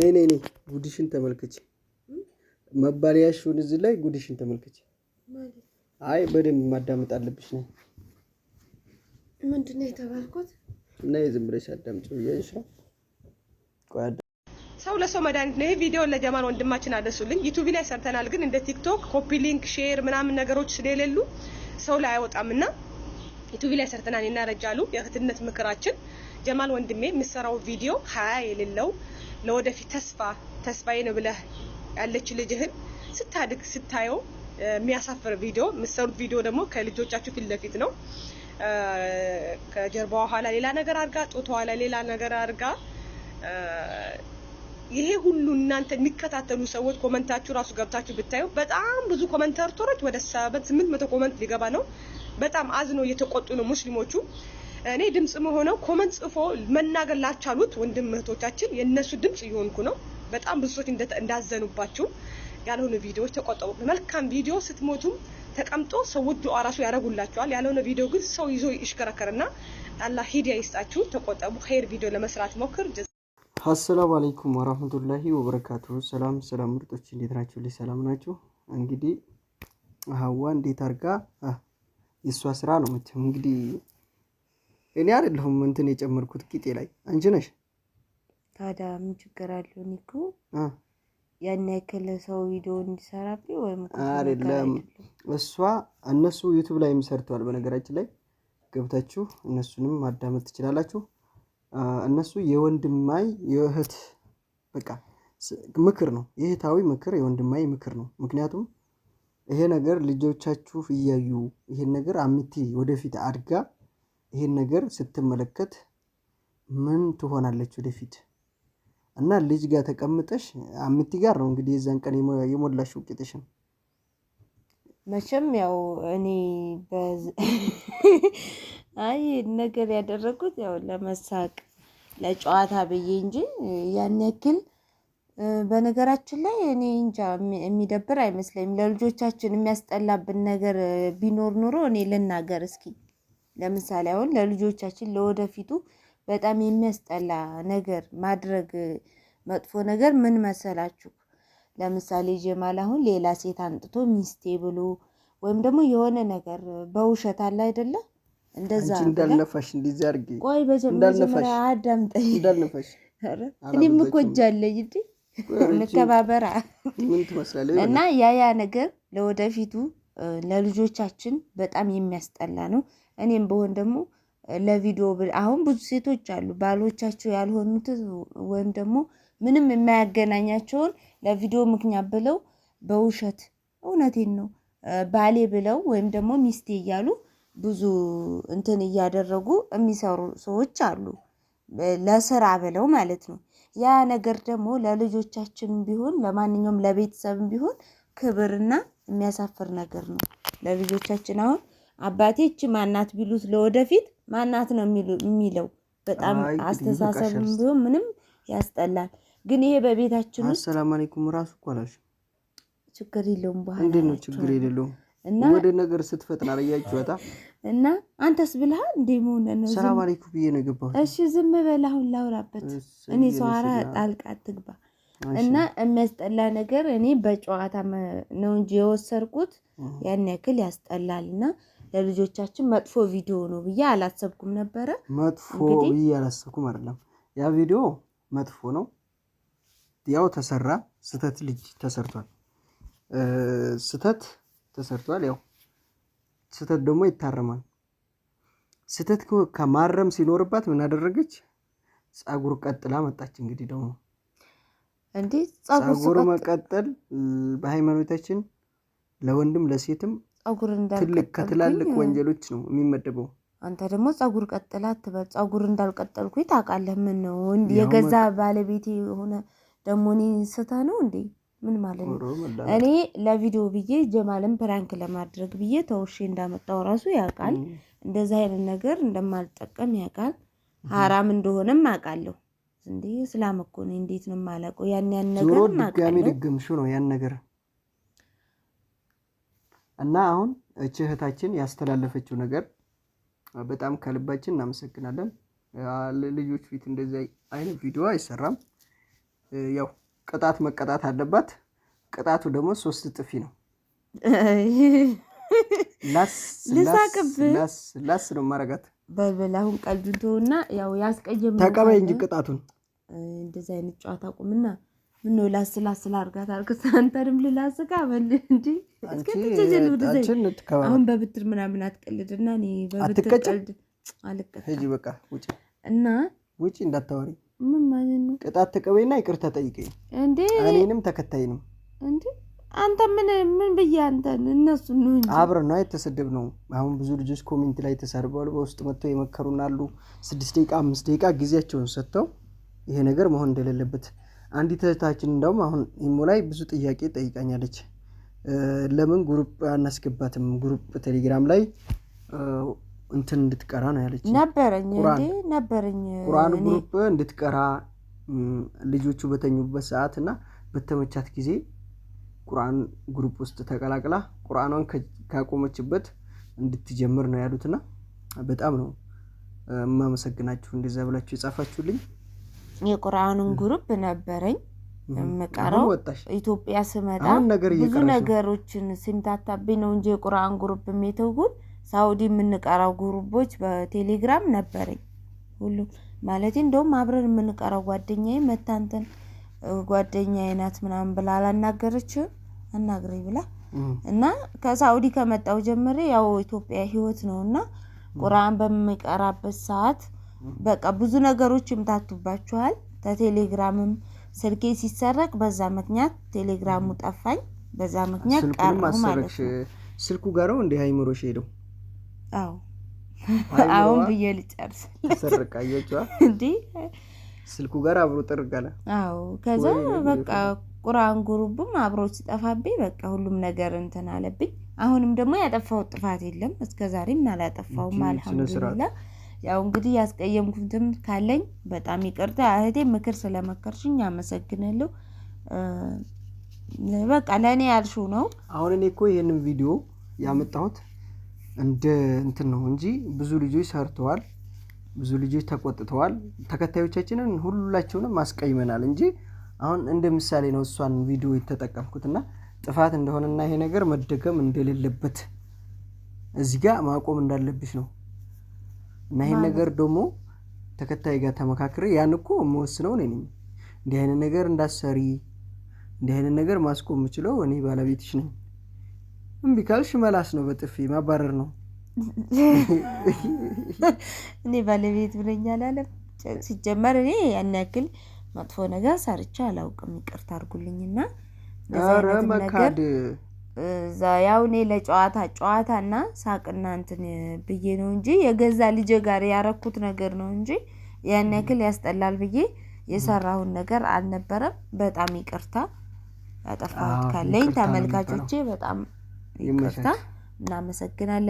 ነይ ነይ ነይ ጉድሽን ተመልከች። መባለያሽውን እዚህ ላይ ጉድሽን ተመልከች። አይ በደንብ ማዳመጥ አለብሽ። ነይ ምንድነው የተባልኩት? ነይ ዝም ብለሽ አዳምጪ ብዬሽ ነው። ሰው ለሰው መድኃኒት ነው። ይሄ ቪዲዮ ለጀማል ወንድማችን አደርሱልኝ። ዩቲዩብ ላይ ሰርተናል፣ ግን እንደ ቲክቶክ ኮፒ ሊንክ፣ ሼር ምናምን ነገሮች ስለሌሉ ሰው ላይ አይወጣምና እና ዩቲዩብ ላይ ሰርተናል። እናረጃሉ የእህትነት ምክራችን ጀማል ወንድሜ የሚሰራው ቪዲዮ ሀያ የሌለው ለወደፊት ተስፋ ተስፋዬ ነው ብለህ ያለች ልጅህን ስታድግ ስታየው የሚያሳፍር ቪዲዮ የምትሰሩት ቪዲዮ ደግሞ ከልጆቻችሁ ፊት ለፊት ነው። ከጀርባዋ ኋላ ሌላ ነገር አድርጋ ጡቷ ላይ ሌላ ነገር አድርጋ ይሄ ሁሉ እናንተ የሚከታተሉ ሰዎች ኮመንታችሁ ራሱ ገብታችሁ ብታዩ በጣም ብዙ ኮመንተርቶሮች ወደ ስምንት መቶ ኮመንት ሊገባ ነው። በጣም አዝኖ እየተቆጡ ነው ሙስሊሞቹ። እኔ ድምጽ መሆነው ኮመንት ጽፎ መናገር ላቻሉት ወንድም እህቶቻችን የእነሱ ድምጽ እየሆንኩ ነው። በጣም ብዙ ሰዎች እንዳዘኑባችሁ ያልሆነ ቪዲዮዎች ተቆጠቡ። መልካም ቪዲዮ ስትሞቱም ተቀምጦ ሰዎች አራሱ ያደርጉላችኋል። ያልሆነ ቪዲዮ ግን ሰው ይዞ ይሽከረከርና አላህ ሂዲያ ይስጣችሁ። ተቆጠቡ። ኸይር ቪዲዮ ለመስራት ሞክር። አሰላሙ አለይኩም ወራህመቱላሂ ወበረካቱ። ሰላም ሰላም ምርጦች፣ እንዴት ናችሁ? ልጅ ሰላም ናችሁ? እንግዲህ ሀዋ እንዴት አርጋ የእሷ ስራ ነው መቼም እንግዲህ እኔ አይደለሁም እንትን የጨመርኩት ቂጤ ላይ አንቺ ነሽ። ታዲያ ምን ችግር አለው? እኔ እኮ ያን ያክል ሰው ቪዲዮ እንዲሰራብኝ ወይም አይደለም። እሷ እነሱ ዩቱብ ላይም ሰርተዋል። በነገራችን ላይ ገብታችሁ እነሱንም ማዳመጥ ትችላላችሁ። እነሱ የወንድማይ የእህት በቃ ምክር ነው፣ የእህታዊ ምክር፣ የወንድማይ ምክር ነው። ምክንያቱም ይሄ ነገር ልጆቻችሁ እያዩ ይሄን ነገር አሚቴ ወደፊት አድጋ ይህን ነገር ስትመለከት ምን ትሆናለች ወደፊት? እና ልጅ ጋር ተቀምጠሽ አምቲ ጋር ነው እንግዲህ የዛን ቀን የሞላሽ ውጤትሽን መቼም ያው እኔ አይ ነገር ያደረጉት ያው ለመሳቅ ለጨዋታ ብዬ እንጂ ያን ያክል በነገራችን ላይ እኔ እንጃ የሚደብር አይመስለኝም። ለልጆቻችን የሚያስጠላብን ነገር ቢኖር ኑሮ እኔ ልናገር እስኪ ለምሳሌ አሁን ለልጆቻችን ለወደፊቱ በጣም የሚያስጠላ ነገር ማድረግ መጥፎ ነገር ምን መሰላችሁ? ለምሳሌ ጀማል አሁን ሌላ ሴት አንጥቶ ሚስቴ ብሎ ወይም ደግሞ የሆነ ነገር በውሸት አለ አይደለ? እንደዛ እንዳልነፋሽ እንደዚህ አድርጌ ቆይ በመጀመሪያ አዳምጠኝ። እንዳልነፋሽ እኔም እኮ እጃለኝ እንዴ እንከባበራ እና ያ ያ ነገር ለወደፊቱ ለልጆቻችን በጣም የሚያስጠላ ነው። እኔም በሆን ደግሞ ለቪዲዮ አሁን ብዙ ሴቶች አሉ ባሎቻቸው ያልሆኑት ወይም ደግሞ ምንም የማያገናኛቸውን ለቪዲዮ ምክንያት ብለው በውሸት እውነቴን ነው ባሌ ብለው ወይም ደግሞ ሚስቴ እያሉ ብዙ እንትን እያደረጉ የሚሰሩ ሰዎች አሉ። ለስራ ብለው ማለት ነው። ያ ነገር ደግሞ ለልጆቻችን ቢሆን ለማንኛውም ለቤተሰብም ቢሆን ክብርና የሚያሳፍር ነገር ነው። ለልጆቻችን አሁን አባቴ እች ማናት ቢሉት ለወደፊት ማናት ነው የሚለው። በጣም አስተሳሰብም ቢሆን ምንም ያስጠላል። ግን ይሄ በቤታችን ውስጥ አሰላሙ አለይኩም ራሱ እኮ አላልሽም። ችግር የለውም በኋላ እንዴት ነው ችግር የሌለው እና ወደ ነገር ስትፈጥና አላያችኋታ እና አንተስ ብልሃል እንዴ መሆነ ነው ሰላም አለይኩም ብዬ ነው የገባሁት። እሺ ዝም በል አሁን ላውራበት እኔ ሰዋራ ጣልቃ ትግባ እና የሚያስጠላ ነገር እኔ በጨዋታ ነው እንጂ የወሰርኩት ያን ያክል ያስጠላል እና ለልጆቻችን መጥፎ ቪዲዮ ነው ብዬ አላሰብኩም ነበረ። መጥፎ ብዬ አላሰብኩም አይደለም፣ ያ ቪዲዮ መጥፎ ነው። ያው ተሰራ ስተት፣ ልጅ ተሰርቷል፣ ስተት ተሰርቷል። ያው ስተት ደግሞ ይታረማል። ስተት ከማረም ሲኖርባት ምን አደረገች? ፀጉር ቀጥላ መጣች። እንግዲህ ደግሞ እንዴ ፀጉር መቀጠል በሃይማኖታችን ለወንድም ለሴትም ጸጉር እንዳልቀጠልኩኝ ከትላልቅ ወንጀሎች ነው የሚመደበው። አንተ ደግሞ ጸጉር ቀጥላ አትበል። ጸጉር እንዳልቀጠልኩኝ ታውቃለህ። ምን ነው የገዛ ባለቤቴ የሆነ ደግሞ እኔ ስተህ ነው እንዴ? ምን ማለት ነው? እኔ ለቪዲዮ ብዬ ጀማልን ፕራንክ ለማድረግ ብዬ ተውሼ እንዳመጣው ራሱ ያውቃል። እንደዚህ አይነት ነገር እንደማልጠቀም ያውቃል። ሀራም እንደሆነም አውቃለሁ። እንዴ ስላም ነው። እንዴት ነው የማላውቀው? ያን ያን ነገር ድጋሚ ድግምሹ ነው ያን ነገር እና አሁን እች እህታችን ያስተላለፈችው ነገር በጣም ከልባችን እናመሰግናለን። ልጆች ፊት እንደዚህ አይነት ቪዲዮ አይሰራም። ያው ቅጣት መቀጣት አለባት። ቅጣቱ ደግሞ ሶስት ጥፊ ነው። ላስ ነው ማረጋት በልበል። አሁን ቀልጁን ተውና ያው ያስቀየም ተቀበይ እንጂ ቅጣቱን እንደዚህ አይነት ጨዋታ ቁምና ምነው ላስላስል ላስ ላድርጋት አልኩት። አንተንም ልላስጋ በል እንዲ አሁን በብድር ምናምን አትቀልድና እኔ በብድር ቀልድ በቃ ውጭ እና ውጭ እንዳታወሪ ምን ማለት ነው? ቅጣት ተቀበይና ይቅርታ ጠይቀኝ። እንዴ እኔንም ተከታይ ነው እንዴ? አንተ ምን ምን ብዬ አንተን እነሱ ነው እንጂ አብረን ነው የተሰደብ ነው። አሁን ብዙ ልጆች ኮሜንት ላይ ተሳድበዋል። በውስጥ መጥተው የመከሩን አሉ። ስድስት ደቂቃ አምስት ደቂቃ ጊዜያቸውን ሰጥተው ይሄ ነገር መሆን እንደሌለበት አንዲት እህታችን እንደውም አሁን ኢሞ ላይ ብዙ ጥያቄ ጠይቃኛለች። ለምን ግሩፕ አናስገባትም? ግሩፕ ቴሌግራም ላይ እንትን እንድትቀራ ነው ያለች። ነበረኝ ነበረኝ ቁርአን ግሩፕ እንድትቀራ ልጆቹ በተኙበት ሰዓት እና በተመቻት ጊዜ ቁርአን ግሩፕ ውስጥ ተቀላቅላ ቁርአኗን ካቆመችበት እንድትጀምር ነው ያሉትና በጣም ነው የማመሰግናችሁ እንደዛ ብላችሁ የጻፋችሁልኝ። የቁርአኑን ግሩፕ ነበረኝ የምቀረው ኢትዮጵያ ስመጣ ብዙ ነገሮችን ሲምታታብኝ ነው እንጂ የቁርአን ግሩፕ የሚተውጉት ሳውዲ የምንቀራው ግሩቦች በቴሌግራም ነበረኝ ሁሉም ማለት እንደውም አብረን የምንቀራው ጓደኛዬ መታንተን ጓደኛዬ ናት ምናምን ብላ አላናገረችም አናግረኝ ብላ እና ከሳውዲ ከመጣው ጀምሬ ያው ኢትዮጵያ ህይወት ነው እና ቁርአን በምቀራበት ሰዓት በቃ ብዙ ነገሮች ይምታቱባችኋል። ከቴሌግራምም ስልኬ ሲሰረቅ በዛ ምክንያት ቴሌግራሙ ጠፋኝ። በዛ ምክንያት ቀሩ ማለት ነው። ስልኩ ጋረው ነው እንዲህ አይምሮሽ ሄደው። አዎ አሁን ብዬ ልጨርስ ተሰረቀ። አያችዋ ስልኩ ጋር አብሮ ጥርጋለ። አዎ ከዛ በቃ ቁርአን ጉሩብም አብሮ ሲጠፋብኝ በቃ ሁሉም ነገር እንትን አለብኝ። አሁንም ደግሞ ያጠፋው ጥፋት የለም እስከዛሬም አላጠፋውም አልሐምዱሊላ ያው እንግዲህ ያስቀየምኩትም ካለኝ በጣም ይቅርታ እህቴ፣ ምክር ስለመከርሽኝ አመሰግናለሁ። በቃ ለእኔ ያልሽው ነው። አሁን እኔ እኮ ይህንን ቪዲዮ ያመጣሁት እንደ እንትን ነው እንጂ ብዙ ልጆች ሰርተዋል፣ ብዙ ልጆች ተቆጥተዋል። ተከታዮቻችንን ሁላቸውንም አስቀይመናል እንጂ አሁን እንደ ምሳሌ ነው እሷን ቪዲዮ የተጠቀምኩትና ጥፋት እንደሆነና ይሄ ነገር መደገም እንደሌለበት እዚህ ጋር ማቆም እንዳለብሽ ነው እና ይህን ነገር ደግሞ ተከታይ ጋር ተመካክሬ ያን እኮ የምወስነው እኔ ነኝ። እንዲህ አይነት ነገር እንዳሰሪ እንዲህ አይነት ነገር ማስቆም የምችለው እኔ ባለቤትሽ ነኝ። እምቢ ካልሽ መላስ ነው፣ በጥፊ ማባረር ነው። እኔ ባለቤት ብለኛል አለ። ሲጀመር እኔ ያን ያክል መጥፎ ነገር ሰርቼ አላውቅም። ይቅርታ አድርጉልኝና ኧረ መካድ ያው እኔ ለጨዋታ ጨዋታና ሳቅና እንትን ብዬ ነው እንጂ የገዛ ልጄ ጋር ያረኩት ነገር ነው እንጂ ያን ያክል ያስጠላል ብዬ የሰራሁን ነገር አልነበረም። በጣም ይቅርታ ያጠፋሁት ካለኝ ተመልካቾቼ በጣም ይቅርታ። እናመሰግናለን።